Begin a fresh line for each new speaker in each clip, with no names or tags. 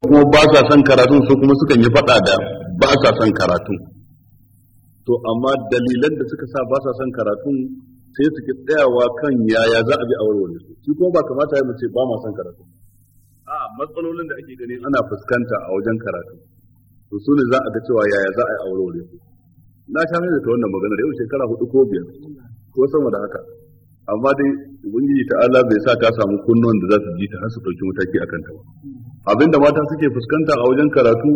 kuma ba sa son karatun su kuma sukan yi faɗa da ba sa son karatun to amma dalilan da suka sa ba sa son karatun sai su ki tsayawa kan yaya za a bi a warware su shi kuma ba kamata ya mace ba ma son karatu a matsalolin da ake gani ana fuskanta a wajen karatu to su ne za a ga cewa yaya za a yi a warware su na sha da ta wannan magana da yau shekara hudu ko biyar ko sama da haka amma dai ubangiji ta'ala bai sa ta samu kunnuwan da za su ji ta har su dauki mataki a kanta ba abinda mata suke fuskanta a wajen karatu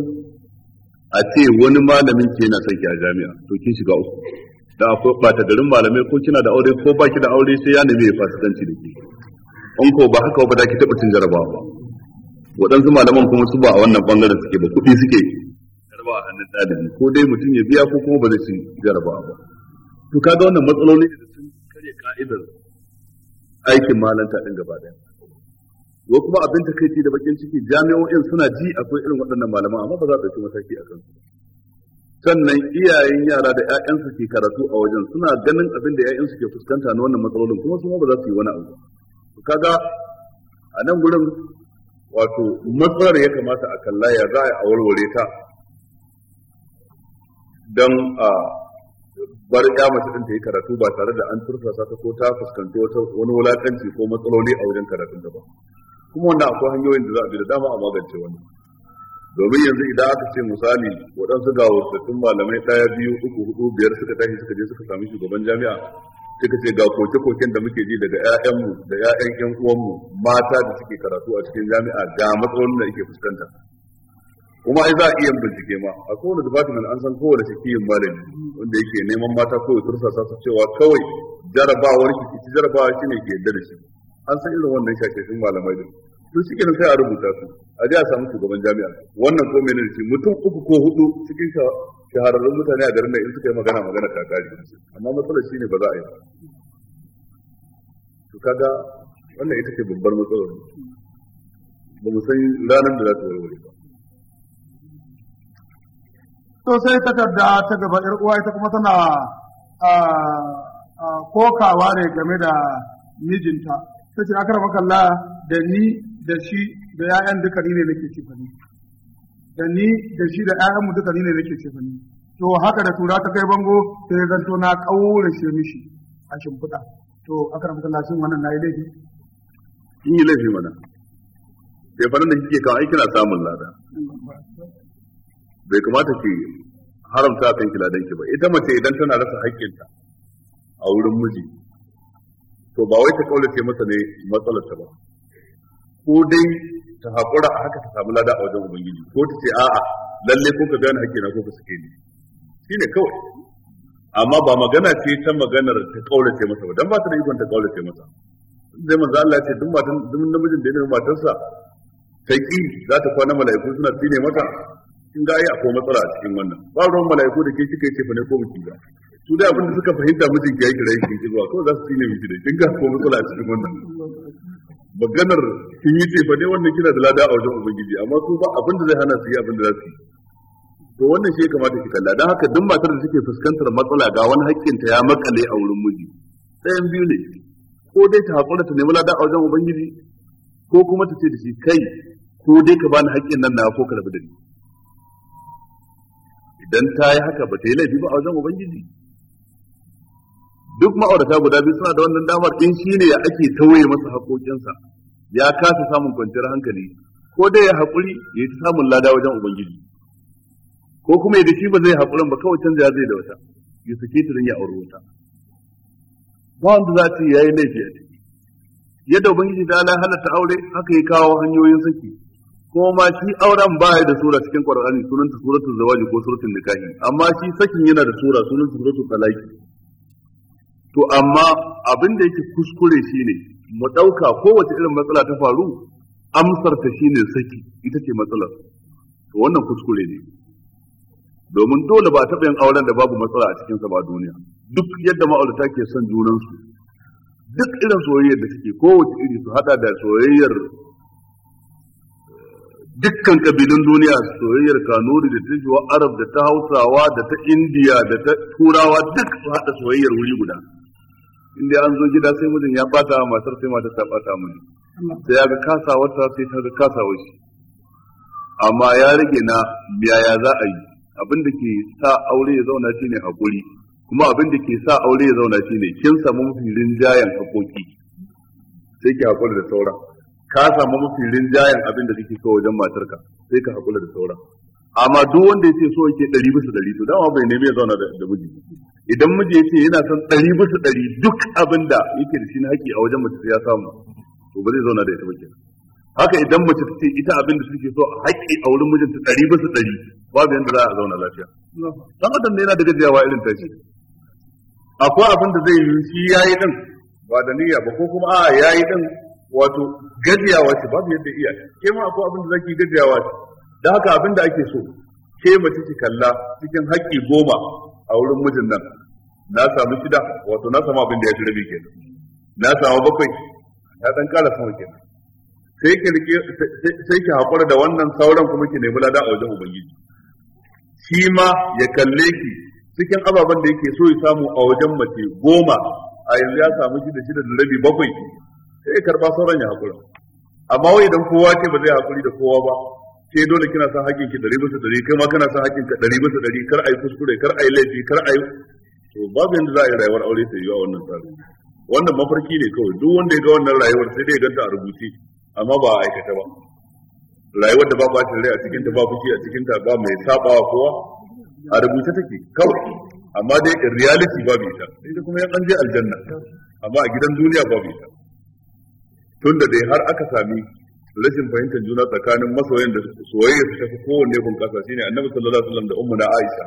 a ce wani malamin ke yana sanki a jami'a to kin shiga uku da akwai bata garin malamai ko kina da aure ko baki da aure sai ya nemi ya fasikanci da ke in ko ba haka ba da ki taɓa cin jarabawa ba waɗansu malaman kuma su ba a wannan bangaren suke ba kuɗi suke jarabawa a hannun ɗalibi ko dai mutum ya biya ko kuma ba zai ci jarabawa ba to kaga wannan matsaloli da sun karya ka'idar aikin malanta din gaba daya ko kuma abin da kai da bakin ciki jami'o'in suna ji akwai irin waɗannan malaman amma ba za su ɗauki mataki a kansu sannan iyayen yara da 'ya'yansu ke karatu a wajen suna ganin abin da 'ya'yansu ke fuskanta na wannan matsalolin kuma su ba za su yi wani abu kaga a nan gurin wato matsalar ya kamata a kalla ya za a warware ta don a ah, bar ya mace din ta yi karatu ba tare da an turfasa ta ko ta fuskanci wata wani wulakanci ko matsaloli a wajen karatun da ba kuma wannan akwai hanyoyin da za a bi da dama a magance wannan domin yanzu idan aka ce misali waɗansu ga wasattun malamai ɗaya biyu uku hudu biyar suka tashi suka je suka sami shugaban jami'a suka ce ga koke-koken da muke ji daga 'ya'yanmu da 'ya'yan 'yan uwanmu mata da suke karatu a cikin jami'a ga matsalolin da ake fuskanta kuma ai za a iya bincike ma a kowane department an san kowane kiyin malami wanda yake neman mata kawai sa su cewa kawai jarabawar ki ki jarabawa shine ke yadda da shi an san irin wannan shakeshin malamai din to cikin sai a rubuta su a ji a samu shugaban jami'a wannan ko menene ce mutum uku ko hudu cikin shahararrun mutane a garin nan in suka yi magana magana ta kare amma matsalar shine ba za a yi ba to kaga wannan ita ce babbar matsalar ba mu san ranar da za ta warware ba
to sai tadda ta gaba yar uwa ita kuma tana kokawa ne game da mijinta ta ce rama makalla da ni da shi da 'ya'yan duka ni ne nake cefani da ni da shi da 'ya'yanmu duka ni ne nake cefani to haka da tura ta kai bango sai ya zanto na shi mishi a shimfiɗa to rama makalla shin wannan na yi laifi
in yi laifi mana sai fara da kike kawai kina samun lada bai kamata ki haramta kan ki ladan ki ba ita mace idan tana rasa haƙƙinta a wurin miji to ba wai ta ce masa ne matsalar ta ba ko dai ta haƙura a haka ta samu lada a wajen ubangiji ko ta ce a'a lalle ko ka gane haƙƙina ko ka sake ni shine kawai amma ba magana ce ta maganar ta ce masa ba dan ba ta da ikon ta ce masa zai manzo Allah ce duk matan duk namijin da yana matarsa ta ki za ta kwana mala'iku suna tsine mata in ga a akwai matsala a cikin wannan ba ruwan mala'iku da ke kika ce fa ne ko mutum ba su da abin da suka fahimta mutum ya kira yake ki zuwa ko za su ne mutum da kin ga akwai matsala a cikin wannan maganar kin yi tefa ne wannan kina da lada a wajen ubangiji amma su ba abin da zai hana su yi abin da za su yi to wannan shi ya kamata ki kalla don haka duk matar da suke fuskantar matsala ga wani hakkin ta ya makale a wurin miji ɗayan biyu ne ko dai ta haƙura ta nemi lada a wajen ubangiji ko kuma ta ce da shi kai ko dai ka bani hakkin nan na ko ka rabu da ni idan ta yi haka ba ta yi laifi ba a wajen ubangiji duk ma'aurata guda biyu suna da wannan damar in shi ne ya ake tauye masa haƙoƙinsa ya kasa samun kwanciyar hankali ko dai ya haƙuri ya ta samun lada wajen ubangiji ko kuma ya shi ba zai haƙurin ba kawai canza zai da wata ya saki ta ya auri wata ba wanda za ta yi ya yi laifi a ciki yadda ubangiji ta ala halatta aure haka ya kawo hanyoyin saki kuma shi auren baya da sura cikin Qur'ani sunanta suratul zawaji ko suratul nikahi amma shi sakin yana da sura sunanta suratul talaqi to amma abin da yake kuskure shine mu dauka kowace irin matsala ta faru amsar ta shine saki ita ce matsalar to wannan kuskure ne domin dole ba taɓa yin auren da babu matsala a cikinsa ba duniya duk yadda ma'aurata ke son junansu duk irin soyayyar da suke kowace iri su hada da soyayyar dukkan kabilun duniya soyayyar kanuri da ta arab da ta hausawa da ta indiya da ta turawa duk su haɗa soyayyar wuri guda inda an zo gida sai mijin ya bata matar sai matar ta bata mini sai ya ga kasawar ta sai ta ga kasawar shi amma ya rage na yaya za a yi abin da ke sa aure ya zauna shine hakuri kuma abin da ke sa aure ya zauna shine kin samu mafi rinjayen hakoki sai ki hakuri da sauran ka samu mafi rinjayen abin da suke so wajen matarka sai ka hakura da sauran amma duk wanda yace so yake ɗari bisa ɗari to dama bai nemi ya zauna da miji idan miji yace yana son ɗari bisa ɗari duk abin da yake da shi na haƙƙi a wajen mace ya samu to ba zai zauna da ita ba kenan haka idan mace ta ce ita abin da suke so a haƙƙi a wurin mijinta ɗari bisa ɗari babu yadda za a zauna lafiya dan adam ne yana da gajiyawa irin ta ce akwai abin da zai yi shi yayi din ba da niyya ba ko kuma a yayi din wato gajiyawa ce babu yadda iya ke ma akwai abin da zaki gajiyawa ce da haka abin da ake so ke mace ki kalla cikin haƙƙi goma a wurin mijin nan na samu shida wato na samu abin da ya fi rabi kenan na samu bakwai na dan ƙara sama kenan sai ki rike sai ki hakura da wannan sauran kuma ki nemi lada a wajen ubangiji shi ma ya kalle ki cikin ababen da yake so ya samu a wajen mace goma a yanzu ya samu shida shida da rabi bakwai sai karba sauran ya haƙura. amma wai idan kowa ce ba zai hakuri da kowa ba ke dole kina sa hakkin ki dari bisa dari kai ma kana sa hakkin ka dari bisa dari kar ai kuskure kar ai laifi kar ai to babu yanda za a yi rayuwar aure ta yiwa wannan tsari wannan mafarki ne kawai duk wanda ya ga wannan rayuwar sai dai ganta a rubuce amma ba a aikata ba rayuwar da ba ba ta rai a cikin ta ba fushi a cikin ta ba mai sabawa kowa a rubuce take kawai amma dai in reality babu ta sai kuma yan an je aljanna amma a gidan duniya babu ta da dai har aka sami rashin fahimtar juna tsakanin masoyan da soyayya su tafi kowanne kasa shine annabi sallallahu alaihi wasallam da ummu na Aisha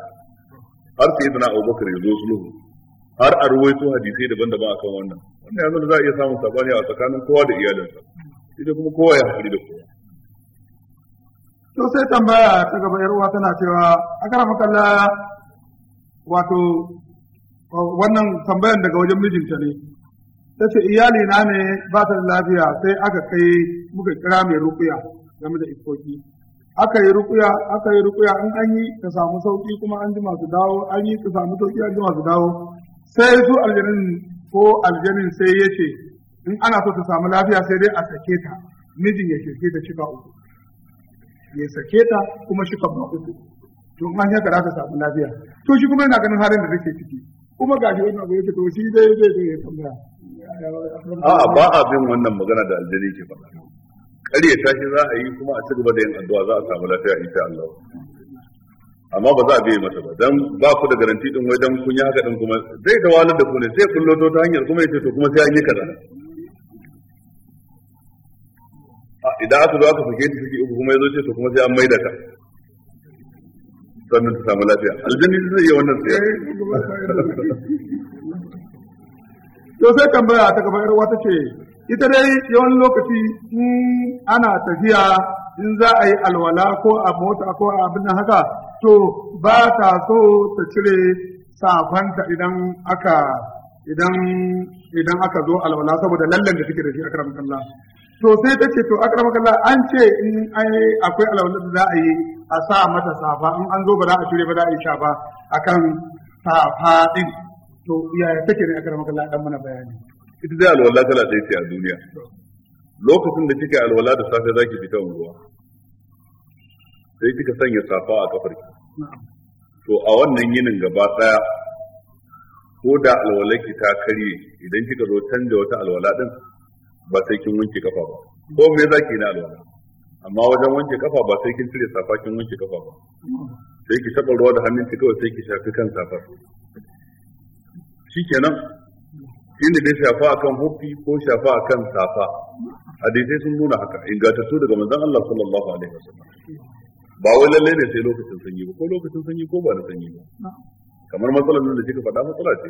har sai da Abu Bakar ya zo sulhu har a ruwaito hadisai daban-daban akan wannan wannan yanzu za a iya samun sabani a tsakanin kowa da iyalinsa ita kuma kowa ya hakuri da kowa
to sai tambaya ta gaba yar uwa tana cewa akara makalla wato wannan tambayan daga wajen mijinta ne ta ce iyali na ne ba ta lafiya sai aka kai muka kira mai rukuya game da ikoki aka yi rukuya aka yi rukuya in an yi ka samu sauki kuma an ji masu dawo an yi ka samu sauki an ji masu dawo sai su aljanin ko aljanin sai ya ce in ana so ta samu lafiya sai dai a sake ta mijin ya sake ta shika uku ya sake ta kuma shika uku to in an haka za ta samu lafiya to shi kuma yana ganin halin da take ciki kuma ga shi wannan yake to shi dai zai zai ya tambaya a'a ba a
bin wannan magana da aljani ke faɗa ta shi za a yi kuma a ci gaba da yin addu'a za a samu lafiya insha Allah amma ba za a biye masa ba dan ba ku da garanti din wai dan kun yi haka din kuma zai ta walar da ku ne sai kullo ta hanyar kuma yace to kuma sai an yi kaza idan aka zo aka fike shi uku kuma yazo ce to kuma sai an maida ka sannan ta samu lafiya aljanni zai iya wannan tsaye
eh, to sai tambaya ta gaba yarwa ta ce ita dai yawan lokaci in ana tafiya in za a yi alwala ko a mota ko a abin haka to ba ta so ta cire safanta idan aka idan idan aka zo alwala saboda lallan da take da shi akram Allah to sai ta ce to akrama kalla an ce in ai akwai alawalar da za a yi a sa mata safa in an zo ba za a shirya ba za a yi shafa akan safa din to yaya take ne akrama kalla dan mana bayani
ita dai alwala tana da ce a duniya lokacin da kika alwala da safe zaki fita unguwa sai kika sanya safa a kafarki to a wannan yinin gaba daya ko da alwalaki ta karye idan kika zo canja wata alwala din ba sai kin wanke kafa ba ko me za ki na alwala amma wajen wanke kafa ba sai kin cire safa kin wanke kafa ba sai ki taba ruwa da hannun ki kawai sai ki shafi kan safar shikenan ne dai shafa akan hufi ko shafa akan safa hadisai sun nuna haka ingantattu daga manzon Allah sallallahu alaihi wasallam ba wai lalle ne sai lokacin sanyi ba ko lokacin sanyi ko ba da sanyi ba kamar matsalar da kika faɗa matsala ce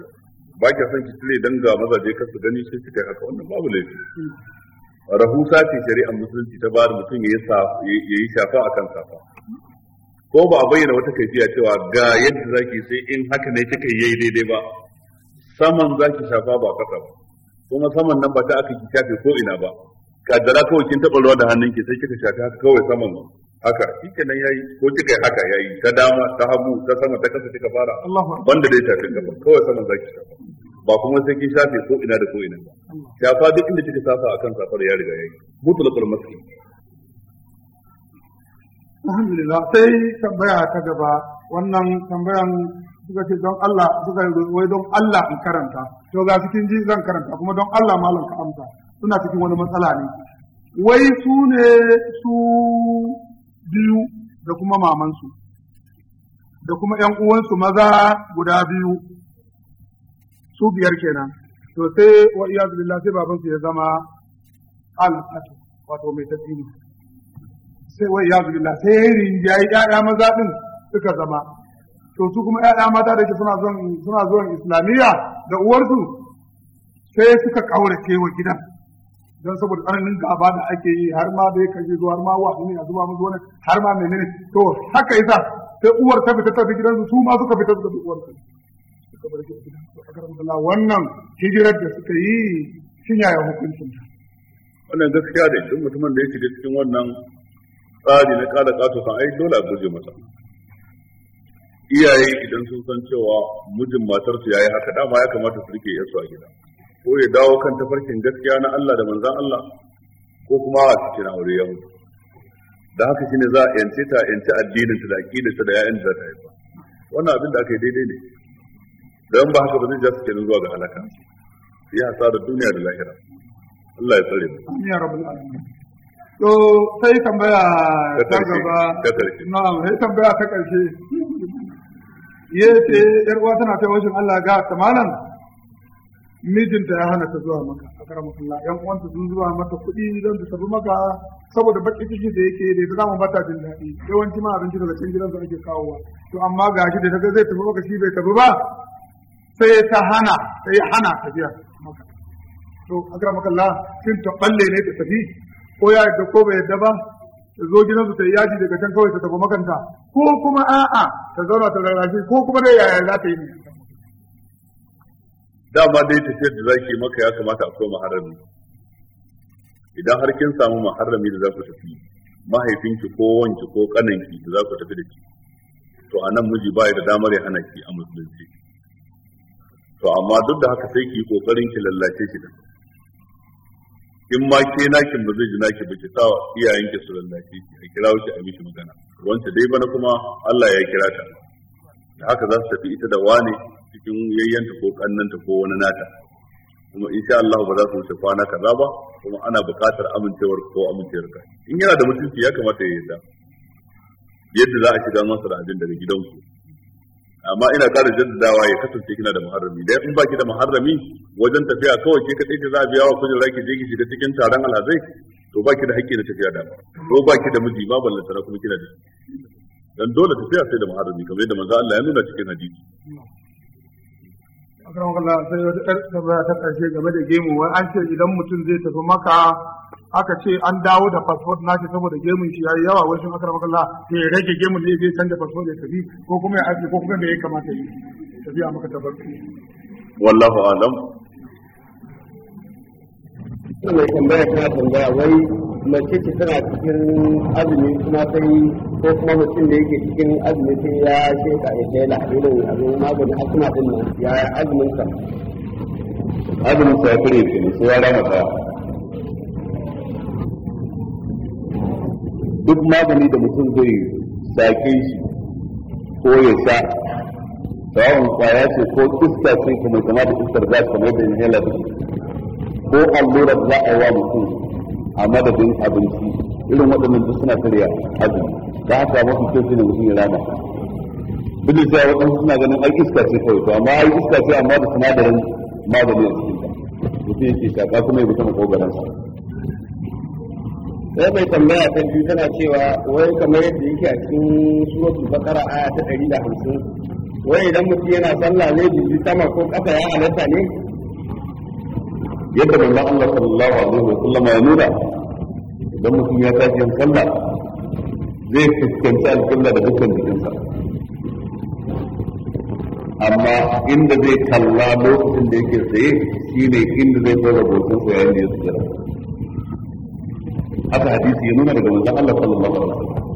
ba ki son ki cire dan ga mazaje kar su gani sai kika haka wannan babu laifi rahusa ce shari'ar musulunci ta bada mutum ya yi shafa akan safa ko ba a bayyana wata kaifiya cewa ga yadda zaki sai in haka ne kika yi daidai ba saman zaki shafa ba kasa ba kuma saman nan ba ta aka ki shafe ko ina ba kaddara kawai kin taɓa ruwa da hannunki sai kika shafe haka kawai saman haka shi nan yayi ko kika yi haka yayi ta dama ta hagu ta sama ta kasa kika fara banda dai tafin gaba kawai za zaki shafa ba kuma sai kin shafe ko ina da ko ina ba shafa duk inda kika safa akan safar ya riga yayi mutlaqul maski
alhamdulillah sai tambaya ta gaba wannan tambayan suka ce don Allah suka yi wai don Allah in karanta to ga cikin ji zan karanta kuma don Allah malam ka amsa suna cikin wani matsala ne wai su ne su biyu da kuma mamansu da kuma ‘yan uwansu maza guda biyu su biyar kenan to sai wa iya billah sai babansu ya zama al'atu wato mai ne. sai wa iya billah sai ya yi ɗaya maza ɗin suka zama to su kuma ‘ya'ya mata da ke suna zuwan islamiyya da uwarsu sai suka ƙaurace wa gidan don saboda tsananin gaba da ake yi har ma da kashe zuwa har ma wa ne a zuba musu wani har ma menene to haka yasa sai uwar ta fita ta fi gidansu su ma suka fita suka bi uwar ta suka bar gidansu a karan Allah wannan hijirar da suka yi shin yaya hukuncin ta
wannan gaskiya da duk mutumin da ya cikin wannan tsari na kada kato kan ai dole a guje masa iyaye idan sun san cewa mijin matarsu yayi haka dama ya kamata su rike yasu a gida ko ya dawo kan tafarkin gaskiya na Allah da manzan Allah ko kuma a cikin aure ya mutu da haka ne za a yance ta yance addinin ta da aqidar ta da yayin da ta haifa wannan abin da aka yi daidai ne dan ba haka ba zai ja su kenan zuwa ga halaka ya da duniya da lahira Allah ya tsare mu
amin ya rabbul alamin to sai tambaya ta gaba na'am sai tambaya ta karshe yace yar uwa tana ta wajen Allah ga tamanan mijinta ya hana ta zuwa maka a karamar Allah yan uwanta sun zuwa mata kuɗi zan ta tafi maka saboda baki ciki da yake da ita mu bata jin daɗi yawanci ma abinci daga cikin gidan su ake kawowa to amma ga shi da ta zai tafi maka shi bai tafi ba sai ta hana sai hana tafiya maka to a karamar Allah sun ta balle ne ta tafi ko ya yadda ko bai yadda ba ta zo gidan su ta yi yaji daga can kawai ta tafi makanta ko kuma a'a ta zauna ta rarrafe ko kuma dai yaya za ta yi ne
dama dai tafiyar da za zaki maka ya kamata a koma harami idan har kin samu maharami da za ku tafi mahaifinki ko wanki ko kananki da za ku tafi da ki, to anan miji ba da damar ya hana ki a musulunci to amma duk da haka sai ki kokarin ki lallace shi da in ma ke nakin ba zai ji naki ba ki sawa iyayenki su lallace ki a kira shi a mishi magana wanda dai bana kuma Allah ya kira ta da haka za su tafi ita da wane cikin yayyanta ko kannanta ko wani nata kuma insha Allah ba za su wuce kwana kaza ba kuma ana buƙatar amincewar ko amincewarka in yana da mutunci ya kamata ya yarda yadda za a shiga masa da abin daga gidanku amma ina ƙara dawa ya kasance kina da muharrami da in baki da muharrami wajen tafiya kawai ke kadai ce za a biya wa kujin ki je ki shiga cikin taron alhazai to baki da haƙƙi na tafiya da To baki da miji ma ballanta na kuma kina da dan dole tafiya sai da muharrami kamar yadda manzo Allah ya nuna cikin hadisi
akan wala sai wata ɗan tambaya ta karshe game da gemu wai an ce idan mutum zai tafi maka aka ce an dawo da passport na saboda gemun shi yayi yawa wai shin shi makar makalla ya rage gemun ne zai canza passport ya tafi ko kuma ya aje ko kuma me ya kamata yi a maka tabarki
wallahu alam
wannan tambaya ta tambaya wai mace ce tana cikin azumi kuma sai
ko kuma mutum da yake cikin azumi sai ya sheka ya yi la'adilin abin magani har suna din nan ya azumin sa azumin sa ya kare ke ne sai ya rama ta duk magani da mutum zai sake shi ko ya sha tsawon kwaya ce ko iska ce kuma kama da iskar za ta kamar da inhaler ko allura za a wa mutum a madadin abinci irin waɗannan duk suna karya azumi da haka mafi kyau shine mutum ya rama duk da cewa waɗansu suna ganin ai iska ce kawai to amma ai iska ce amma da sinadarin magani a cikin ta mutum yake shaƙa kuma ya bi ta sa. sai mai tambaya ta biyu tana cewa wai kamar yadda yake a cikin suratul baqara aya ta 150 wai idan mutum yana sallah ne bibi sama ko kafa ya halatta ne yadda manzo Allah sallallahu alaihi wa sallam ya nuna idan mutum ya tashi yin sallah zai fuskanci alƙalla da dukkan jikinsa amma inda zai kalla lokacin da yake tsaye shine inda zai tsora bautan yayin da ya tsira haka hadisi ya nuna daga manzo Allah sallallahu alaihi wa sallam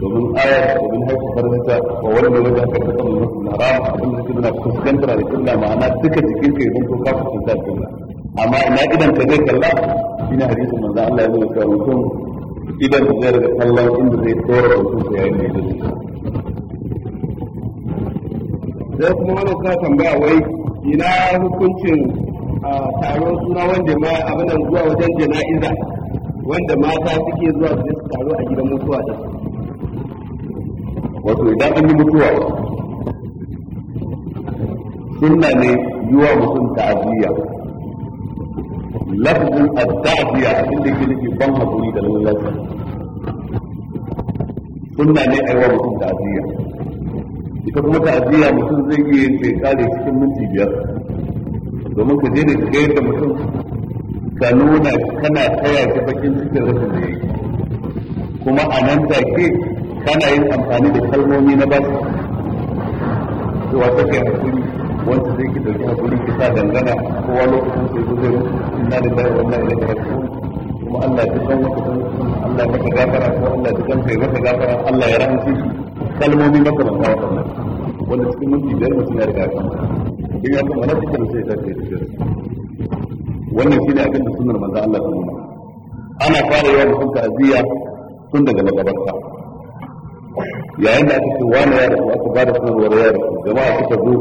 domin aya domin haka faranta wa wanda wajen haka ta kan musu na haram abin da suna fuskantar da killa ma'ana duka cikin kai don ko ka fuskanta killa amma ina idan ka zai kalla ina hadisin manzo Allah ya zo ka mutum idan zai daga kallon inda zai tsora da mutum ya yi da sai kuma wani ka tambaya wai ina hukuncin taron suna wanda ma abin zuwa wajen jana'iza wanda mata suke zuwa su taro a gidan mutuwa da su wato idan an yi mutuwa sunna ne yiwa mutum ta'aziyya lafzin ta'aziyya inda ke nufi ban hakuri da lalata sunna ne wa mutum ta'aziyya ita kuma ta'aziyya mutum zai iya yin sai kare cikin minti biyar domin ka je da ka yadda mutum ka nuna kana taya shi bakin cikin rashin da yi kuma a nan take kana yin amfani da kalmomi na ba su cewa take hakuri wanda zai ki dauki hakuri ki sa dangana kowa lokacin sai zo zai da bayan wannan inna da raji'un kuma Allah ya san maka Allah maka gafara ko Allah ya san kai maka gafara Allah ya rahmace shi kalmomi maka ban kawo wannan wanda cikin minti biyar mutum ya riga kan in ya kuma na cikin sai ta ce wannan shine abin da sunnar manzo Allah ta nuna ana fara yawan mutum aziya tun daga magabarta yayin da aka ce wani ya rasu aka bada sanarwar ya rasu jama'a suka zo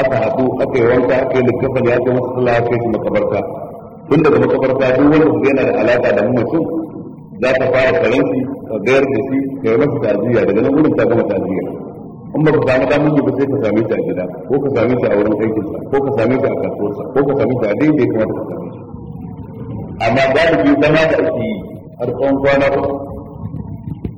aka haɗu aka yi wanka aka yi likkafa ya ce masa sallah aka yi makabarta tun daga makabarta duk wanda su yana da alaƙa da mutum za ta fara karanci ka gayar da shi ka yi masa ta'aziyya daga nan wurin ta gama ta'aziyya in ba ka samu damar ba sai ka same shi a gida ko ka same shi a wurin aikin sa ko ka same shi a kasuwarsa ko ka same shi a daidai kamata ka same shi amma galibi zama da ake yi har tsawon kwana uku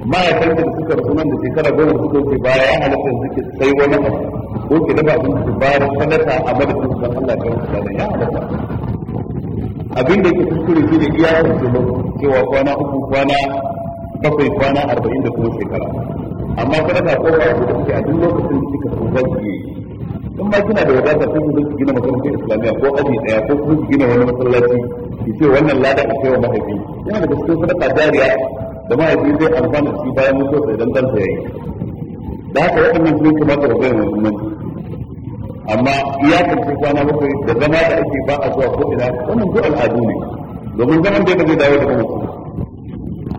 ma mahaifin da suka rasu nan da shekara goma suka wuce baya ya halatta ke sai wani abu ko ke dafa abin su ba da sanata a madadin su Allah ya wuce da ya halatta abin da ke kuskure shi ne iya kuskure cewa kwana uku kwana bakwai kwana arba'in da kuma shekara amma sanata ko ba ku da suke a duk lokacin da kika so za ki yi in ma kina da wadata sai ku zuci gina makarantar islamiyya ko aji daya ko ku gina wani masallaci ki ce wannan lada ka kai wa mahaifi yana da cikin sadaka jariya da mahaifi zai amfana shi bayan mutuwarsa sai dan ya yi da haka waɗannan sun kamata da bayan muhimmanci amma iyakance kwana bakwai da zama da ake ba a zuwa ko ina wannan duk al'adu ne domin zaman da zai dawo daga kuma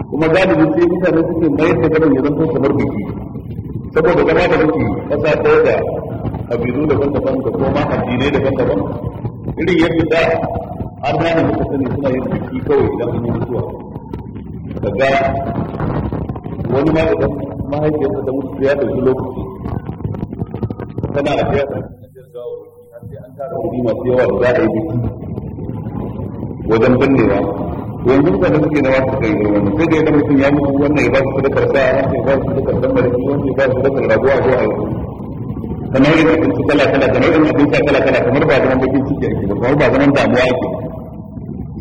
kuma galibi sai mutane suke mayar da gaban ya ko kamar biki saboda zama da muke kasa ɗaya da kabilu daban-daban da kuma addinai daban-daban irin yadda da an hana muka suna yin biki kawai idan an yi mutuwa daga wani ma idan mahaifiyarsa da mutu ya ɗauki lokaci tana a fiya an kuɗi masu yawa da za a yi biki wajen binnewa da na wasu kai wani sai da yadda mutum ya mutu wannan ya ba su sadakar sa ya ba su sadakar dan mariki ya ba su sadakar rabuwa ko a yau kamar kala kala kamar abinci kala kala kamar ba zaman bakin ciki ake ba kamar ba zaman ake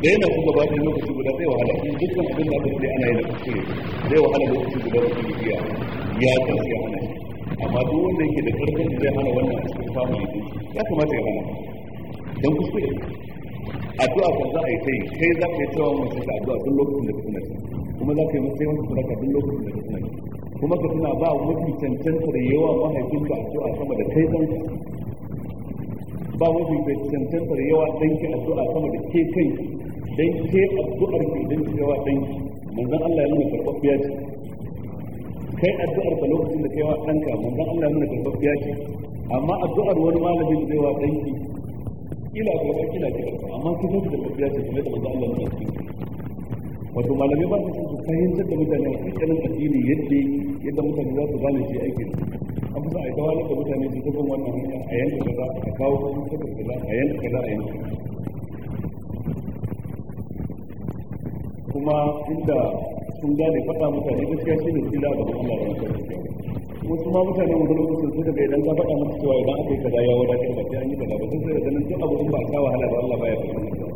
da yana kuma ba da lokaci guda zai wahala in dukkan abin da aka ana yi da kuskure zai wahala lokaci guda da kuma biya ya kansu ya hana amma duk wanda yake da karfin da zai hana wannan a cikin samun yi ya kamata ya hana don kuskure addu'a kan za a yi sai kai za ka yi cewa mace ta addu'a duk lokacin da ka tuna kuma za ka yi masa yawan sadaka duk lokacin da ka tuna kuma ka tuna ba mafi cancantar yawa mahaifinka addu'a sama da kai ɗan ba mafi cancantar yawa ɗanki addu'a sama da ke kai dan ke addu'ar ki dan ki gawa dan ki manzon Allah ya nuna karfafiya ce kai addu'ar ka lokacin da kai wa danka manzon Allah ya nuna karfafiya ce amma addu'ar wani malamin zai wa dan ki ila ko ka kila ki amma ki san da karfafiya ce kamar da manzon Allah ya nuna wato malamai ba su san su fahimtar da mutane a cikin addini yadda yadda mutane za su gane shi aikin an fi a yi tawalar da mutane su kafin wannan hanya a yanka kaza a kawo kaza a yanka kaza a yanka kuma inda sun gane faɗa mutane gaskiya shi ne kila da Allah ya yi wasu ma wanda wani sun suka ga idan ka faɗa musu cewa idan aka yi kaza ya wada da sai an yi kaza ba sai da ganin duk abu ba sa wahala ba Allah baya faɗa musu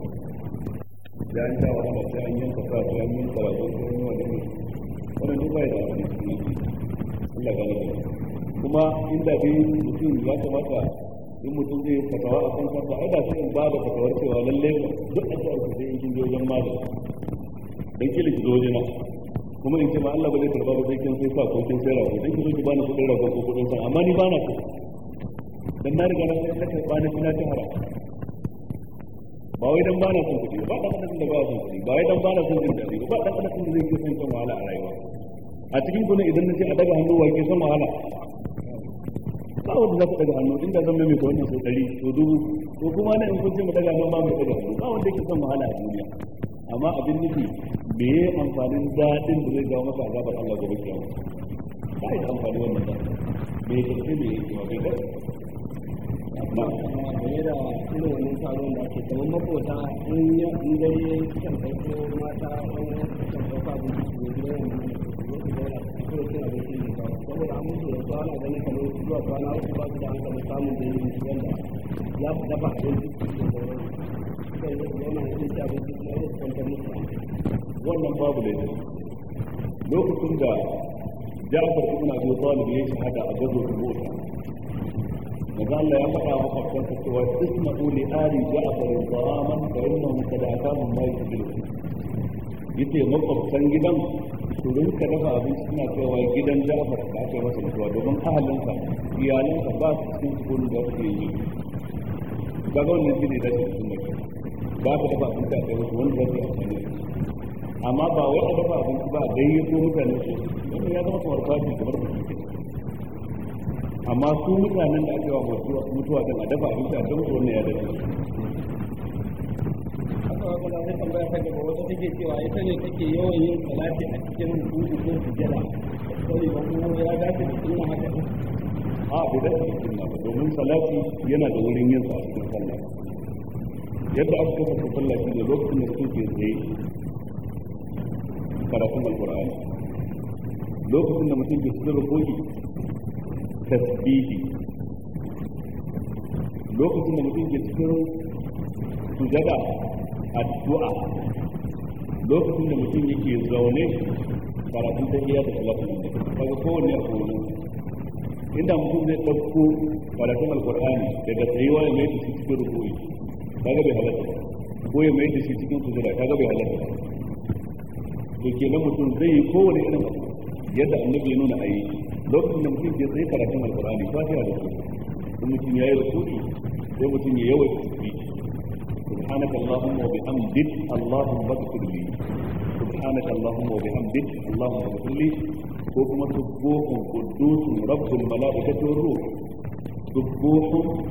da an ta wahala sai an yanka sa sai an yanka rago ko an yi wani wannan duk baya da wani Allah ba ya kuma inda dai mutum ya kamata in mutum zai fatawa a kan kansa ai da shi in ba da fatawar cewa lallai duk addu'ar ku zai yi kin je wajen magani dan kila ki zo waje na kuma in ce ba Allah ba zai karba ba sai kin sai sa ko kin sai rago dan ki zo ki bani kudin rago ko kudin san amma ni bana so dan na riga na sai na karba na kina ta hara ba wai dan bana son kudi ba dan da ba son kudi ba wai dan bana son jin dadi ba dan da zai ke son kan wahala a rayuwa a cikin kuna idan na ce a daga hannu wake son wahala ba wanda za ku daga hannu inda zan mai wannan sau ɗari to dubu ko kuma na in kun ce mu daga hannu ba mu daga hannu ba wanda yake son wahala a duniya amma abin nufi me ya amfanin daɗin da zai jawo masa azabar Allah gobe kiyama ba ya amfani wannan ba me ya tafi me ya kiyama bai ba ba game da irin wani taron da ke kamar makota in ya in kan mata wani kan ɗauko da ke kawai ne ba saboda an mutu da kwana ganin kamar zuwa kwana uku ba su da an samun da yin wanda ya fi dafa abinci da wannan babu ne lokacin da Ja'far ibn Abi Talib ya shahada a gado da Mota maza Allah ya faɗa wa kafin cewa isma'u li ali Ja'far salaman fa innahu qad atama ma yusilu yace makwabtan gidan su rinka dafa abinci suna kaiwa gidan Ja'far da aka masa mutuwa domin ahalinsa iyalansa ba su cikin kullu da suke yi kaga wannan shi ne da cikin da ka dafa abinci a kai wasu wanda za yi amma ba wai a dafa abinci ba yi ko mutane su wannan ya zama kamar fashi kamar suke amma su mutanen da aka wa mutuwa kan a dafa abinci a kan su ya dafa ne take yawan yin salati a cikin a da domin salati yana da wurin yin sa yadda aka kuma ka sallah shi ne lokacin da suke zai karatun alkur'ani lokacin da mutum ke cikin rukuki tasbihi lokacin da mutum ke cikin sujada addu'a lokacin da mutum yake zaune karatun iya da salatul annabi kaga kowanne a kowanne inda mutum zai ɗauko karatun alkur'ani daga tsayuwa ya mai cikin rukuki kaga bai halatta ko ya mai da shi cikin sujada kaga bai halatta to kenan mutum zai yi kowane irin abu yadda annabi ya nuna a yi lokacin da mutum ke tsaye karatun alkurani fatiha da kuma in mutum ya yi rukuki sai mutum ya yawaita tafi سبحانك اللهم وبحمدك اللهم اغفر لي سبحانك اللهم وبحمدك اللهم اغفر لي وكما سبوح قدوس رب الملائكة والروح سبوح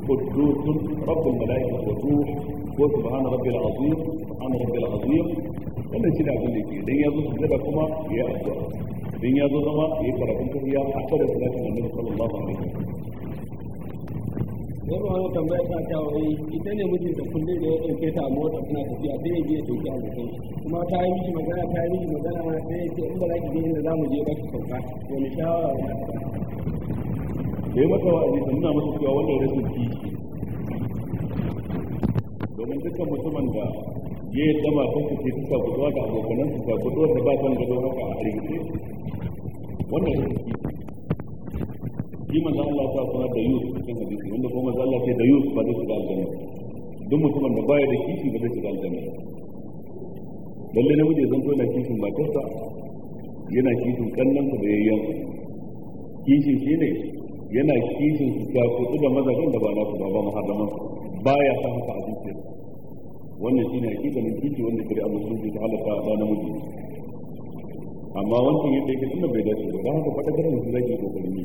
قدوس رب الملائكة والروح ko subhana rabbil azim subhana rabbil azim wannan shi ne abin da yake idan ya zo sujada kuma ya addu'a idan ya zo zama ya karatun tahiyya a kada salatin annabi sallallahu alaihi wasallam wannan wani tambaya ta ta wai ita ne mutum da kulle da ya dauke ta a mota suna tafiya sai ya je ya dauki abokan kuma ta yi miki magana ta yi miki magana sai ya ce in ba za ki je inda za mu je ba ki sauka wani shawara da ya mata wa'azi ta nuna masa cewa wannan rashin kiki domin dukkan mutumin da ya yi dama kan su ke suka guduwa da abokanan su guduwa da ba kan gado haka a rikice wannan rashin kiki shi manzo Allah ta sanar da Yusuf cikin hadisi wanda kuma manzo Allah ce da Yusuf ba zai shiga aljanna duk mutumin da baya da kishi ba zai shiga aljanna lalle namiji zan zo na kishin matarsa yana kishin kannansa da yayyan kishin shi ne yana kishin su ta kudu da mazajen da ba na su ba ba muharraman su ya sa haka a zuciya wannan shine hakika mun kishi wanda kare a musulunci ta halaka ba namiji amma wancan yadda yake suna bai dace ba haka fada garin su zaki kokarin ne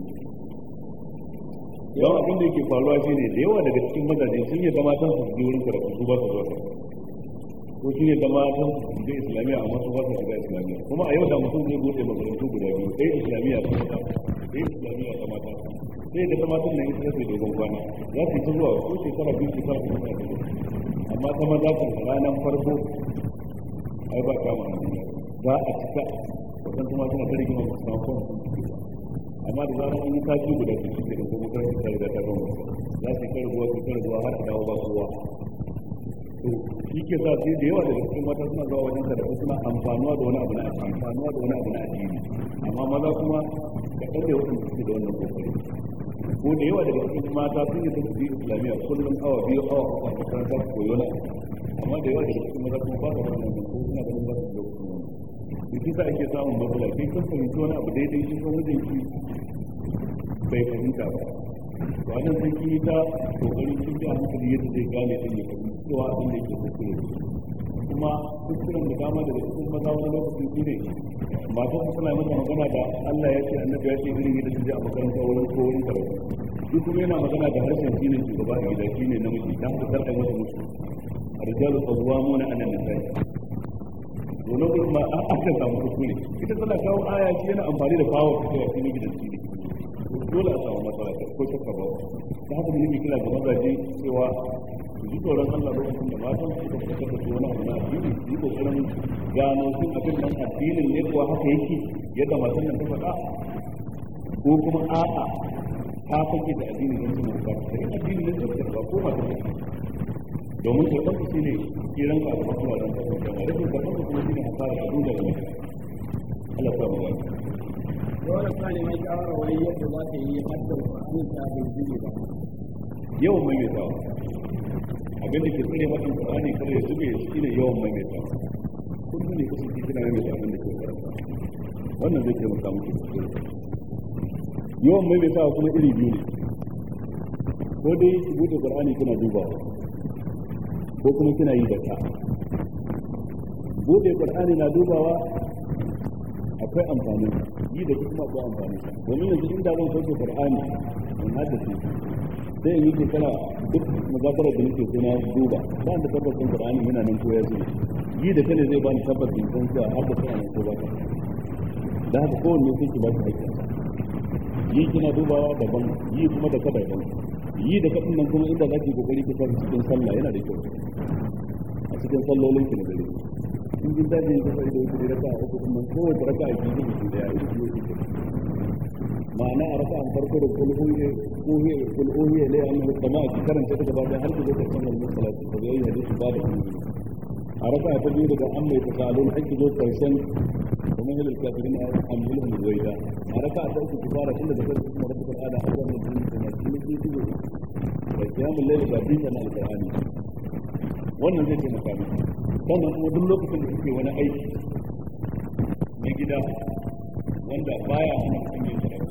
yawan abin da yake faruwa ne da yawa daga cikin mazaje sun yi zama san su ji wurin karatu su ba su zuwa ko shi ne zama san su je islamiyya amma su ba su shiga islamiyya kuma a yau da mutum zai bude makarantu guda biyu sai islamiyya ta mata sai islamiyya ta mata sai da tamatin nan ita sai dogon kwana za su yi zuwa ko shekara biyu shekara kuma ta zo amma ta maza ku ranar farko ai ba kama na nan za a cika wasan kuma kuma ta rigima ba samu kwan amma da zarar an yi sati guda su shi da kuma kan ta riga ta kan za su kar ruwa su kar ruwa har dawo ba kowa to shi ke sa sai da yawa daga cikin mata suna zuwa wajen sadaka suna amfanuwa da wani abu na amfanuwa da wani abu na addini amma maza kuma da kaɗai waɗanda suke da wannan kokari ko da yawa daga cikin mata sun yi sun fi islamiyya kullum awa biyu awa uku a makaranta su koyo na amma da yawa daga cikin mata kuma ba su wannan ko suna ganin ba su da lokacin wannan shi sa ake samun matsala kai kan fahimci wani abu daidai shi kan wajen shi bai fahimta ba to anan sai kin yi ta kokarin kin ji hankali yadda zai gane din ya fahimci cewa abin da yake kuskure kuma kuskuren da dama daga cikin maza wani lokacin shi ne masu suna masa magana da Allah ya ce annabi ya ce ilimi da shi a makaranta wurin ko wurin karatu shi kuma yana magana da harshen shine shugaba a gida na namiji dan ku tarkai masa musu rijalu qawwamuna ala nisaa to na kuma a samun kusur ne ita tana kawo aya shi yana amfani da kawo ta kai shine gidan ne dole a samu matsala ko ta ba ta haka ne kira ga mazaje cewa yi tsoron Allah lokacin da matan suka suka kasance wani abu na addini yi kokarin gano sun abin nan addinin ne kuwa haka yake yadda matan nan ta faɗa ko kuma a'a ta fake da addini don su mutuwa ta yi addini ne suka ba ko matan ta domin tafi shi ne kiran ka da masu wajen karɓar ka ba rikin karɓar su kuma shine hasara a duniya da mutum Allah ta mawa dole sani mai shawara wani yadda za ta yi hatta ba amince da jini ba yau mai yawa abinda ke tsare mafi Qur'ani kada ya zube ne yawan maimaita kun ne kusa kina maimaita abinda ke karanta wannan zai taimaka muku yawan maimaita kuma iri biyu ne ko dai ki bude Qur'ani kuna dubawa ko kuma kina yi da ta bude Qur'ani na dubawa akwai amfani yi da kuma akwai amfani domin yanzu inda zan sauke Qur'ani in haddace sai in yi shekara magabarar da nake kuna duba ba da tabbacin Qur'ani yana nan ko ya zo yi da kane zai ba ni tabbacin san cewa har da kana ko ba da haka kowanne sai ki ba shi hakki yi kina dubawa daban yi kuma da kada daban yi da kadin nan kuma inda zaki kokari ki fara cikin sallah yana da kyau a cikin sallolin ki na gari in kin dade ki fara da wata raka'a ko kuma kowace raka'a ki yi da ya yi ma'ana a rasa an farko da kulhuye kuhiye kulhuye ne an da sama a karanta ta gaba da har ki zai kan wannan salati da yayi hadisi ba da kuma a rasa ta biyu daga an mai takalun hakki zo karshen kuma hilal kafirin a amulun zuwaida a rasa ta uku ki fara tun daga farko kuma rabbul ala hawa min dunya kuma kin ci da kiyamul layl ba din na alqur'ani wannan zai taimaka miki sannan kuma duk lokacin da kuke wani aiki na gida wanda baya hana mutum yin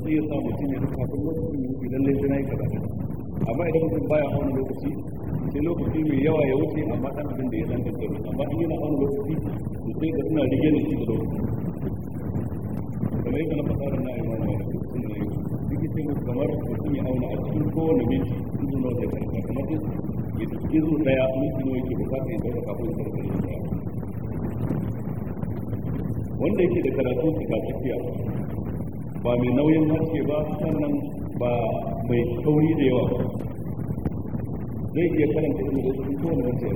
sai ya sa mutum ya rika kafin lokacin ya wuce lallai sai na yi kaza amma idan mutum baya wani lokaci sai lokaci mai yawa ya wuce amma ɗan abin da ya san da kai amma in yana wani lokaci to sai ka tuna rigen da shi da lokaci kamar yadda na fasara na yi wani wani sun yi duk sai mu kamar mutum ya auna a cikin kowane minti duk nawa zai karfa kamar duk ya tafi zuwa ɗaya minti nawa yake bukata ya zaura kafin ya karɓa wanda yake da karatu cikakkiya ba mai nauyin haske ba sannan ba mai kauri da yawa zai iya karanta ilimin da su kowane haske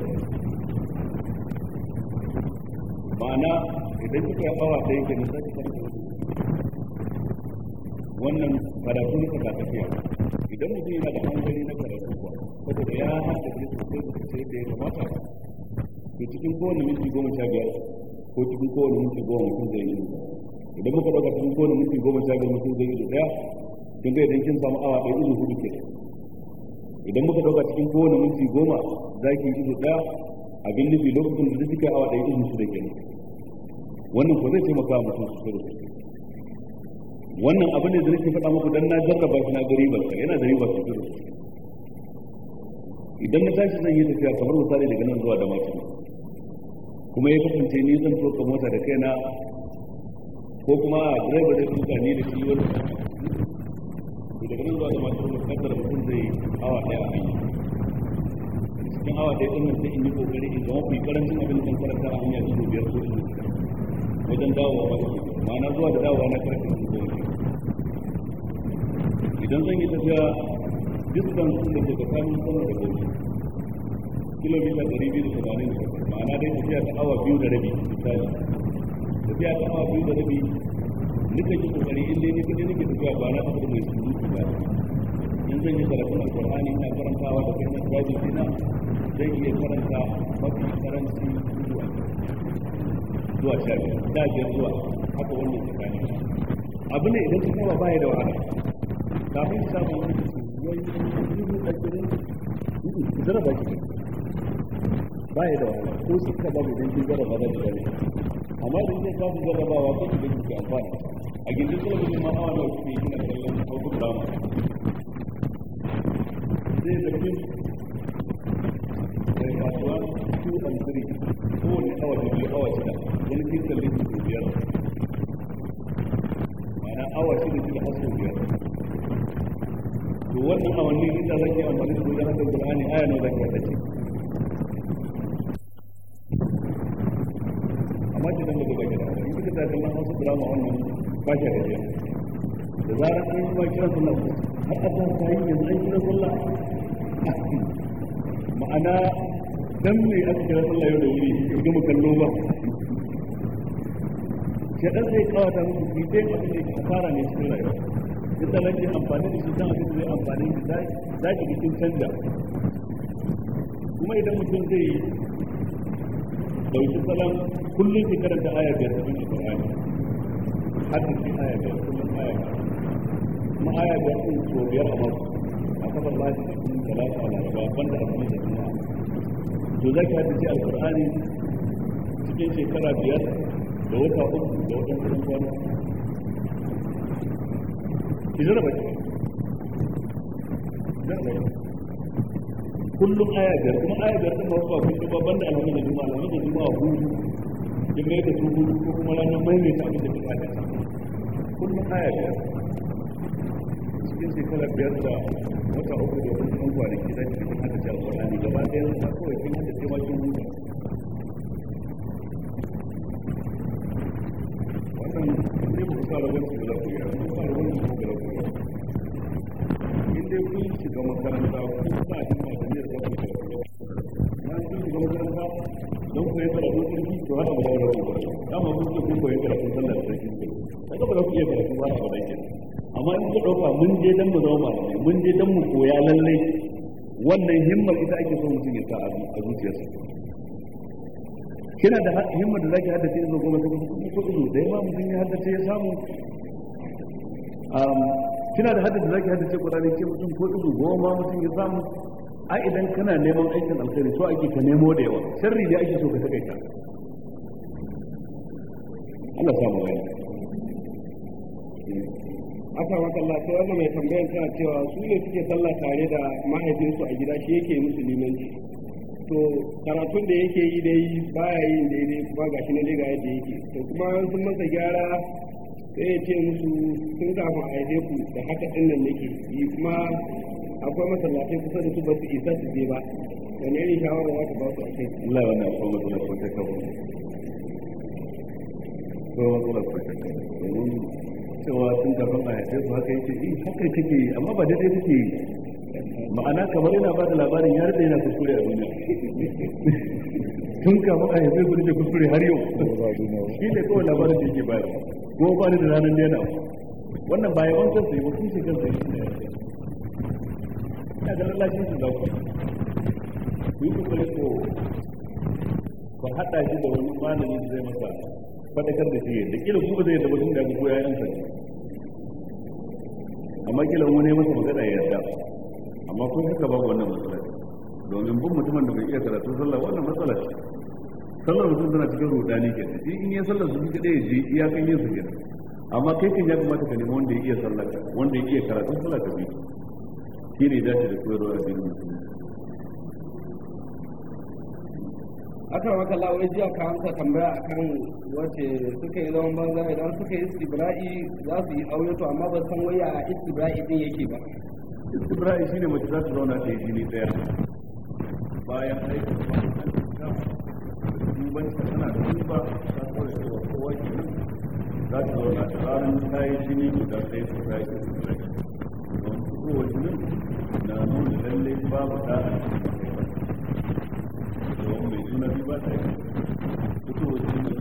ma'ana idan kika awa ɗaya yake na sake karanta wannan karatu ne ka tafiya idan mutum yana da hankali na karatu kuwa saboda ya haɗa da sai da sosai da ya kamata to cikin kowane minti goma sha biyar ko cikin kowane minti goma mutum zai yi idan muka ɗauka cikin kowane minti goma sha biyar mutum zai ido ɗaya kin ga idan kin samu awa ɗaya ido hudu ke idan muka ɗauka cikin kowane minti goma za ki yi ido ɗaya abin nufi lokacin da kika awa ɗaya ido shida ke wannan ko zai taimaka mutum su da sosai wannan abin ne da nake faɗa muku dan na jarraba shi na gari ribarsa yana da riba sosai da idan na tashi zan yi tafiya kamar misali daga nan zuwa da kuma ya kasance ni zan so mota da kaina ko kuma a direba da tuka ne da shi wani to daga nan zuwa da masu kasar mutum zai hawa ɗaya a hanyar cikin hawa ɗaya ɗin sai in yi kokari in zama fi karancin abin kan karanta a hanyar ido biyar ko ido wajen dawowa ba su ma na zuwa da dawowa na karfe su ko idan zan yi tafiya distance da ke tsakanin sama da gauci kilomita ɗari biyu da tamanin ma'ana dai tafiya ta awa biyu da rabi misali tafiya ta kama biyu da rabi nika ji kokari in dai nika kudi nake tafiya ba na tafi mai surutu ba in zan yi karatun alqur'ani na karantawa da kai na tsaji dina zan iya karanta mafi karanci zuwa zuwa sha biyar da biyar zuwa haka wannan tsakani abu ne idan ka saba baya da wahala kafin samun wani wani dubu ashirin dubu zaraba ki baya da wahala ko su ka kaba mai dan dubu zaraba da wahala amma idan zai kasu jarrabawa ko su gaji ke amfani a gindin talabijin ma awa nawa suke kina kallon hauku dama zai zafi da kasuwa su and ko wani awa da biyu awa shida wani kin kalli su biyar ma'ana awa shida shida har sau biyar to wannan awanni ita zai yi amfani da haka hakan qur'ani aya nawa zaki haɗa amma ce dan daga bakin in kuka ta kallon hausa drama wannan ba shi gajiya da zarar an yi ba kira sallah har a san sayi yanzu an kira sallah ma'ana dan mai aka kira sallah yau da wuri in gama kallo ba ke dan zai kawata muku su dai abin da ke fara ne cikin rayuwa ita nan ke amfani da shi dan abin da zai amfani da shi za ki bikin canja kuma idan mutum zai yi. dauki salam kullum ki karanta aya biyar cikin alqur'ani hadda ki aya biyar kullum aya kuma aya biyar din so biyar a mako a kafar lafi da kuma talata a laraba banda a kuma da kuma to za ki haddace alqur'ani cikin shekara biyar da wata uku da wata kuma kwana ki zara baki zara baki kullum aya biyar kuma aya biyar din ba su ba kullum ba banda alhamdu da juma'a alhamdu da juma'a hu in mai da su ko kuma ranar maimaita abin da ke aya kullum aya biyar cikin shekara biyar da wata uku da wani ɗan kwanaki za ki cikin haka jihar kwanani gaba ɗaya na kawai kin haka ce ma kin huta wannan ne ba ku sa rabanci ba ku yi ku sa rabanci ba ku yi in dai kun shiga makaranta ku sa jihar koyi karatu sarki to haka ba za ku ba dama kun ce da koyi karatu sallah sarki da ba za ku iya karatu ba ba dai amma in ka dauka mun je dan mu zama malamai mun je dan mu koya lallai wannan himmar ita ake so mutum ya sa a zuciyarsa kina da himmar da zaki haddace izo goma ta kusa ko izo da yawa mutum ya haddace ya samu kina da haddace zaki haddace Qur'ani ke mutum ko izo goma mutum ya samu a idan kana neman aikin alkhairi to ake ka nemo da yawa sharri da ake so ka takaita Allah samu wani eh, aka wata Allah sai wanda mai tambayan tana cewa su ne suke sallah tare da mahaifinsu a gida shi yake musu limanci to karatun da yake yi dai baya dai daidai kuma gashi na dai ga yadda yake to kuma sun masa gyara sai ya ce musu sun kafa a ku da haka ɗin nan nake yi kuma akwai masallatai kusa da su ba su isa su je ba wani irin shawara za ka ba su a kai Allah wani akwai matsalar kwata kawai akwai matsalar kwata kawo domin cewa sun gaban a yace su haka yake yi haka kake yi amma ba daidai kake yi ma'ana kamar yana ba da labarin ya rada yana kuskure a duniya tun kama a yanzu gudu da kuskure har yau shi ne kawai labarin da yake bayar ko ba ni da ranar da yana wannan bayan wancan sai wasu shekaru da yake ina ga lallashin su zauki ku yi shi da wani malami zai da da ya amma kun haka babu wannan domin bin mutumin da bai iya karatu sallah wannan matsala ce sallar mutum tana cikin rudani ke in yi sallar su je kan yin amma kai kan ya kamata ka nemi wanda ya iya sallar wanda ya iya karatu sallar ka biyu shi ne dace da koyarwa a cikin musulunci aka maka lawai jiya ka amsa tambaya kan wace suka yi zaman banza idan suka yi istibra'i za su yi aure to amma ba san waya a istibra'i din yake ba istibra'i shine mace za su zauna ta yi jini daya bayan aiki ba ba ta tana da wani ba ta kawai cewa kowa ke za su zauna ta ranar ta yi jini guda ta yi istibra'i babu da a cikin da mai suna biyu ba ta yi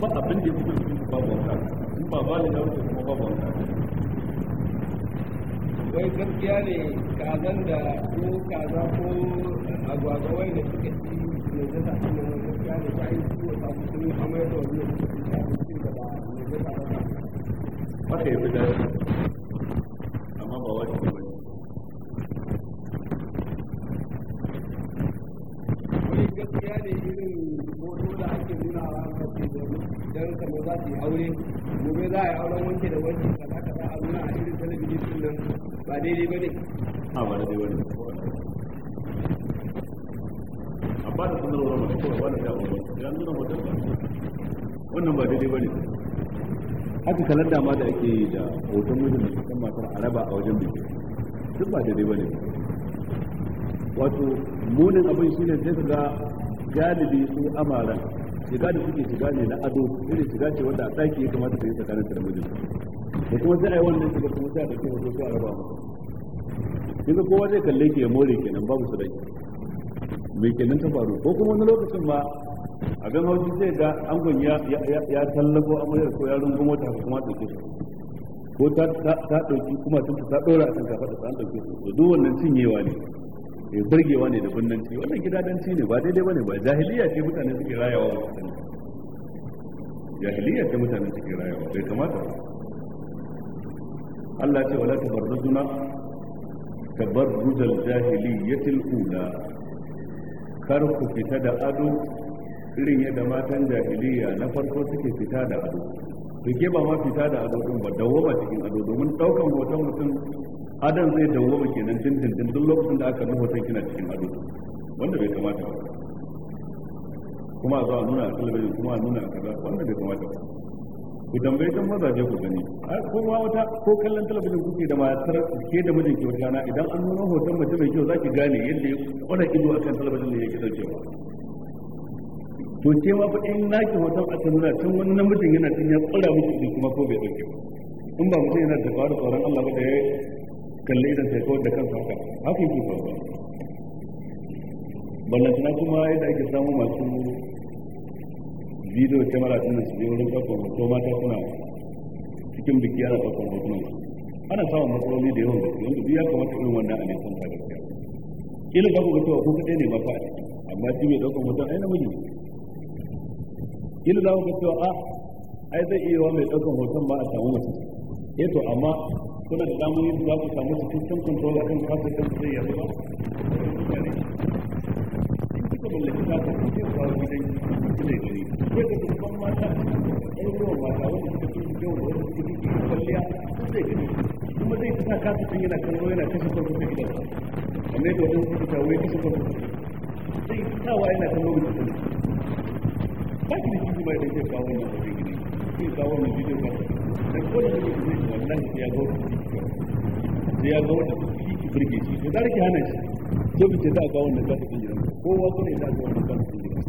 ba abin da ya fito da ba babu in ba ba da ya wuce kuma ba wanka wai gaskiya ne kazan da ko kaza ko agwagwai da suka ci ne zata ne gaskiya ne ba yi ciwo ta kuma amai da wani ne suka ci ta cikin da ba ne zata ba haka ya fi auren wanke da wanke kaza kaza a nuna a irin talabijin din nan ba daidai ba ne a ba daidai ba ne a ba da sanarwar mace kawai wani da abubuwa ya nuna mutum wannan ba daidai ba ne haka kalanda ma da ake yi da hoton mutum da kan matar araba a wajen biki duk ba daidai ba ne wato munin abin shine sai ka ga galibi sai amaran shiga da suke shiga ne na ado irin shiga ce wanda a ɗaki ya kamata ta yi tsakanin ta da da kuma sai a yi wannan shiga kuma sai a ɗauki wasu sai a raba masa yanzu kowa zai kalle ki ya more kenan babu su daki mai kenan ta faru ko kuma wani lokacin ma gan haushi sai ga angon ya ya tallafo amuriyar ko ya rungun wata haka kuma ɗauke su ko ta ɗauki kuma tun ta ɗora a kan da ta an ɗauke su duk wannan cinyewa ne eh burgewa ne da bunnanci wannan ci ne ba daidai bane ba jahiliya ce mutane suke rayawa ba jahiliya ce mutane suke rayawa bai kamata ba Allah ya ce wala tabarrujuna tabarrujal jahiliyatil ula kar ku fita da ado irin yadda matan jahiliya na farko suke fita da ado to ke ba ma fita da ado din ba ba cikin ado domin daukan hoton mutum adan zai dawwama kenan din duk lokacin da aka nufa kina cikin ado wanda bai kamata ba kuma za a nuna a talabijin kuma a nuna a kaza wanda bai kamata ba ku tambaye kan mazaje ku gani ai ko ma wata ko kallon talabijin kuke da matar ke da mijin ki wata idan an nuna hoton mace mai kyau zaki gane yadda wannan ido akan talabijin ne yake ba to ce ma fa in naki hoton aka nuna tun wani namijin yana tun ya tsara miki kuma ko bai dauke ba in ba mutum yana da faru tsoron Allah ba da ya kalle idan sai kawar da kansa haka haka yake faruwa ballantana kuma yadda ake samu masu bidiyo camera din su je wurin ɗaukar hoto mata suna cikin biki ana ɗaukar hotunan ana samun matsaloli da yawan gaske wanda biya ya kamata irin wannan a nisan ta gaskiya kila ba ku ga cewa ko kaɗai ne ba fa amma shi mai ɗaukar hoton ai namiji kila za ku ga cewa a ah, ai zai iya wa mai ɗaukar hoton ba a samu masu eh to amma kuna da damar yadda za ku samu cikakken control akan kafin da zai yazo ba kuka mallaki ta da zai kawo gidan gidan gari kai da dukkan mata ɗaukowar mata wanda suka fi yau da wani suka fi kwalliya sun zai gani kuma zai fita kafin yana kallo yana kashe kwallo da gidan amma yadda wajen suka ta wai kashe kwallo zai wa yana kallo da gidan ba ki da shi kuma yadda zai kawo wannan gidan zai kawo wannan gidan ba da kowane da zai wannan ya ga wata sai ya ga wata ki burge shi to zaki hana shi to bice za a ga wannan kafa kin gidan kowa kuma ya ga wannan kafa kin gidan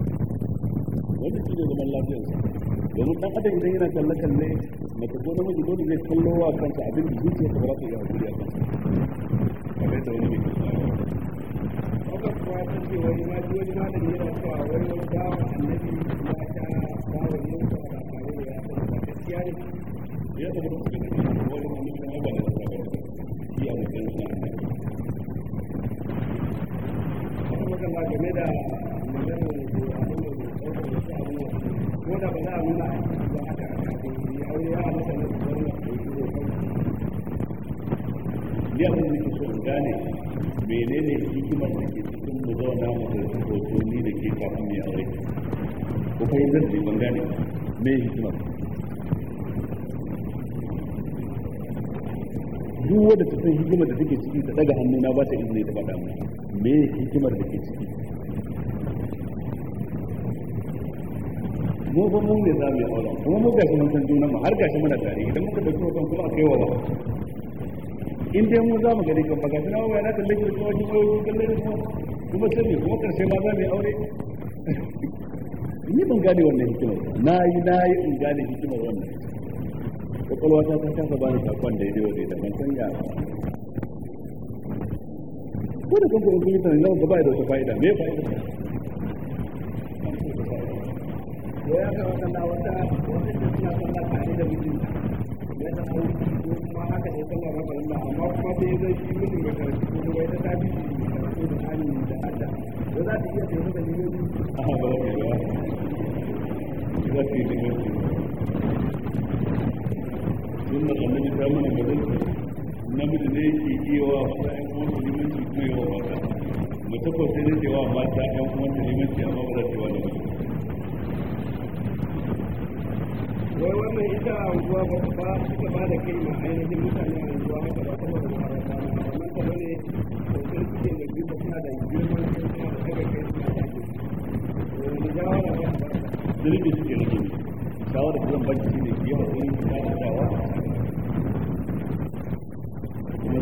wannan shi ne zaman lafiyar sa domin dan adam idan yana kalle kalle mace ko namiji dole zai kallo wa kansa abin da zuciya ta ba ta hakuri a kansa kamar wani mai kuma ta ce wani ma ji wani malami yana cewa wani wani annabi ya ta bawa yau da ba tare da ya ta gaskiya ne ya zama da kuka da wani mutum ya ba da sabon iya mutum shi kuma magana game da maganar ko da ba za a nuna ba haka a kafin ya aure ya halatta na su zauna a yi shiro kan ya abin da ke so gane menene hikimar da ke cikin mu zauna mu zarfi hoto ni da ke kafin ya aure ko fahimtar da ban gane me hikimar duk wanda ta san hikimar da take ciki ta daga hannu na ba ta izini ta faɗa mu me hikimar da ke ciki mu ba mu ne za mu yi aure kuma mu ga kuma san junan mu har ga shi muna tare idan muka dauki wannan kuma akai wa ba in dai mu za mu gani kan baka na wai na kalle shi kuma shi kuma kalle shi kuma sai kuma karshe ma za mu yi aure ni ban gane wannan hikimar na yi na yi in gane hikimar wannan kwakwalwa ta ta kasa ba da sakon daidai daidai ko da kanku kun yi nan ya da wata fa'ida me fa'ida ya ya kawo kan wata suna da mutum ta kuma haka ne sallah ba ta tafi karatu da da da ta da a ba ba ba za ta sunan annabi ta mana gaban namiji ne yake kuma da limanci kuma yawa ba ne mata kuma da limanci amma ba za ta wa namiji wai wannan ita a unguwa ba ba suka ba da kai ma ainihin mutane a unguwa haka ba kuma da ba ta ba kamar ta bane da sun suke da biyu ba suna da girman sun suna da kai suna da ake ba ta ba Dirbi suke da banki ne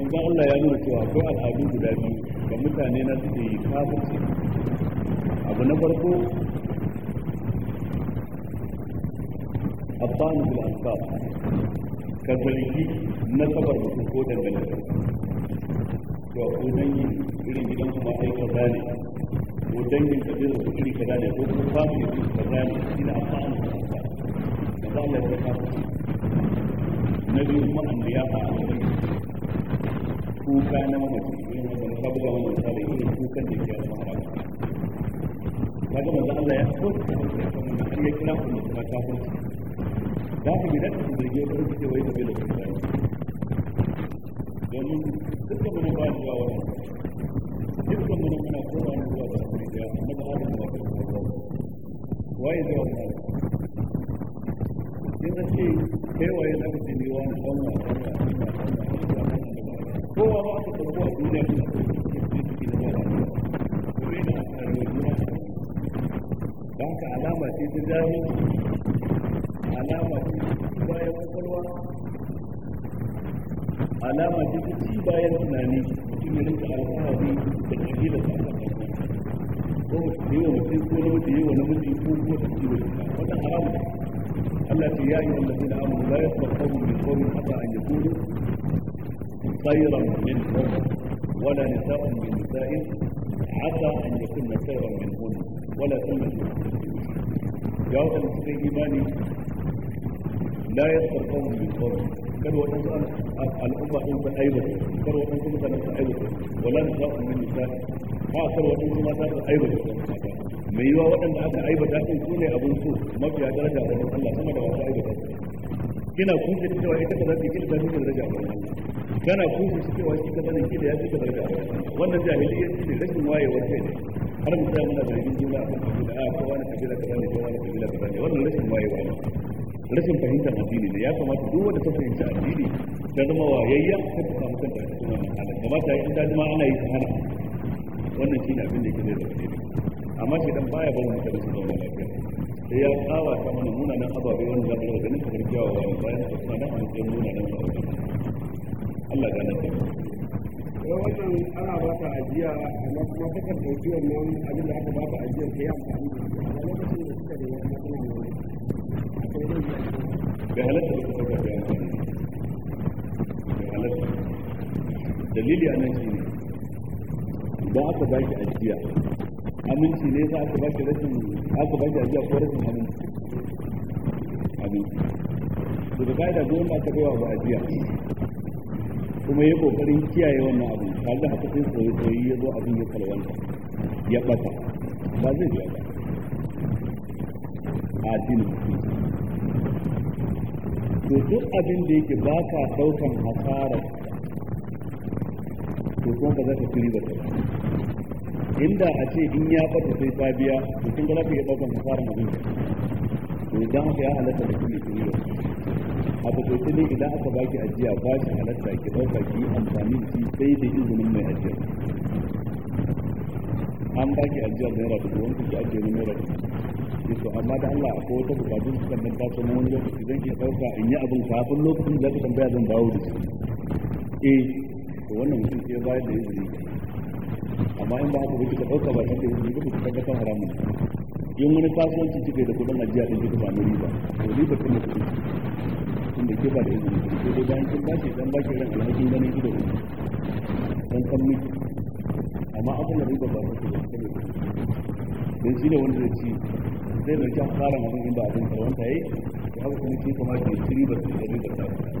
manzon Allah ya nuna cewa akwai al'adu guda biyu da mutane na suke yi kafirci abu na farko abban bil asbab ka zargi na sabar su ko su to ko dangi irin gidan kuma kai kaza ne ko dangin ka zai su iri kaza ne ko kuma fasu ne kaza ne shi da abanu bil asbab da ba Allah ya kafa na biyu kuma an biya ba a cikin kuka na mamaci irin wanda na kabuga wani misali irin kukan da ke alama haram kaga manzo Allah ya so ta kace kuma na kira ku da ta kafin da ku gidan ku da ke ku ce wai da bai da kuka domin mun ba zuwa wani dukkan mun muna kowa ne da kuma da na da Allah da kuma wai da wannan kin da ce kai wai da ku ne wani dan wani kowa ba aka kowa duniya suna kuma yana a rayuwa da haka alama ce ta jami alama ce ta bayan kwakwalwa alama ce ta ci bayan tunani mutum ya rinka alfahari da kabila ta ko mutum yi wa mutum ko namiji yi wa namiji ko ko ta ci wani wannan haramu Allah ya yi wallafin amur la yasbar qawmin bi qawmin hatta an خيرا منهم ولا نساء من نساء عسى ان يكون خيرا منهن ولا تلمس من يا رب المسلمين ايماني لا يسر قوم بالقرب كان وقت الامه هم بايده كان وقت الامه هم بايده ولا نساء من نساء ما كان وقت الامه هم بايده mai yiwa waɗanda aka aibata sun su ne abin su mafiya daraja da Allah sama da wata aibata kina kuce cewa ita ba za ta kana kusa su cewa shi ka sanin shi ya ce ka zarga wannan jahiliya ce rashin wayewar kai ne har mu sai muna zargin juna a kan kabila a ah, kowa na kabila kaza ne kowa na kabila kaza ne wannan rashin wayewa ne rashin fahimtar addini ne ya kamata duk wanda ta fahimci addini ta zama wayayya ta ta samu kanta a cikin wannan halin kamata in ta zama ana yi ta hana wannan shi ne abin da ke zai zama amma shi dan baya barin mutane su zauna lafiya sai ya tsawa ta mana munanan ababe wanda za ka yi ganin kamar kyawawa bayan su suna nan an ce munanan ababe Allah gane kuma wannan ana ba ta ajiya amma kuma kakan ɗauki wannan abin da aka ba ta ajiya ka yi amfani da lokacin da suka da yi wani da halatta da suka da amfani da halatta dalili a nan shi ne idan aka ba ki ajiya aminci ne za aka ba ki rashin aka ba ki ajiya ko rashin aminci aminci daga ka'ida duk wanda aka bai wa ba ajiya kuma ya kokarin kiyaye wannan abin ba da haka sai koyi koyi ya zo abin ya kalwanta ya ɓata. ba zai biya ba a dinin to duk abin da yake ba ka ɗaukan hasarar to kuma ba za ka ci riba inda a ce in ya ɓata sai ta biya to kin ga za ka iya ɗaukan hasarar abin to idan haka ya halatta da kuma ci riba a takaice dai idan aka baki ajiya ba shi halatta ki ɗauka ki amfani da shi sai da izinin mai ajiya an baki ajiya da naira dubu wani kuke ajiye na naira dubu to amma da Allah akwai wata bukatun su kan ta samu wani lokaci zan iya ɗauka in yi abin kafin lokacin da ka tambaya zan dawo da shi eh to wannan mutum sai bayar da izini amma in ba haka ba kika ɗauka ba kake izini ba kika tabbatar haramun in wani kasuwanci kike da kudin ajiya ɗin kika ba. riba to riba kuma kuɗi lokacin da ke ba da izini ko dai bayan kin bace dan bace ran alhakin da ido dan kan miki amma abin da riba ba ta da kake dan ne wanda zai ci zai dauki fara abin inda abin da yayi yayi haka kuma ke kuma ke riba da
riba ta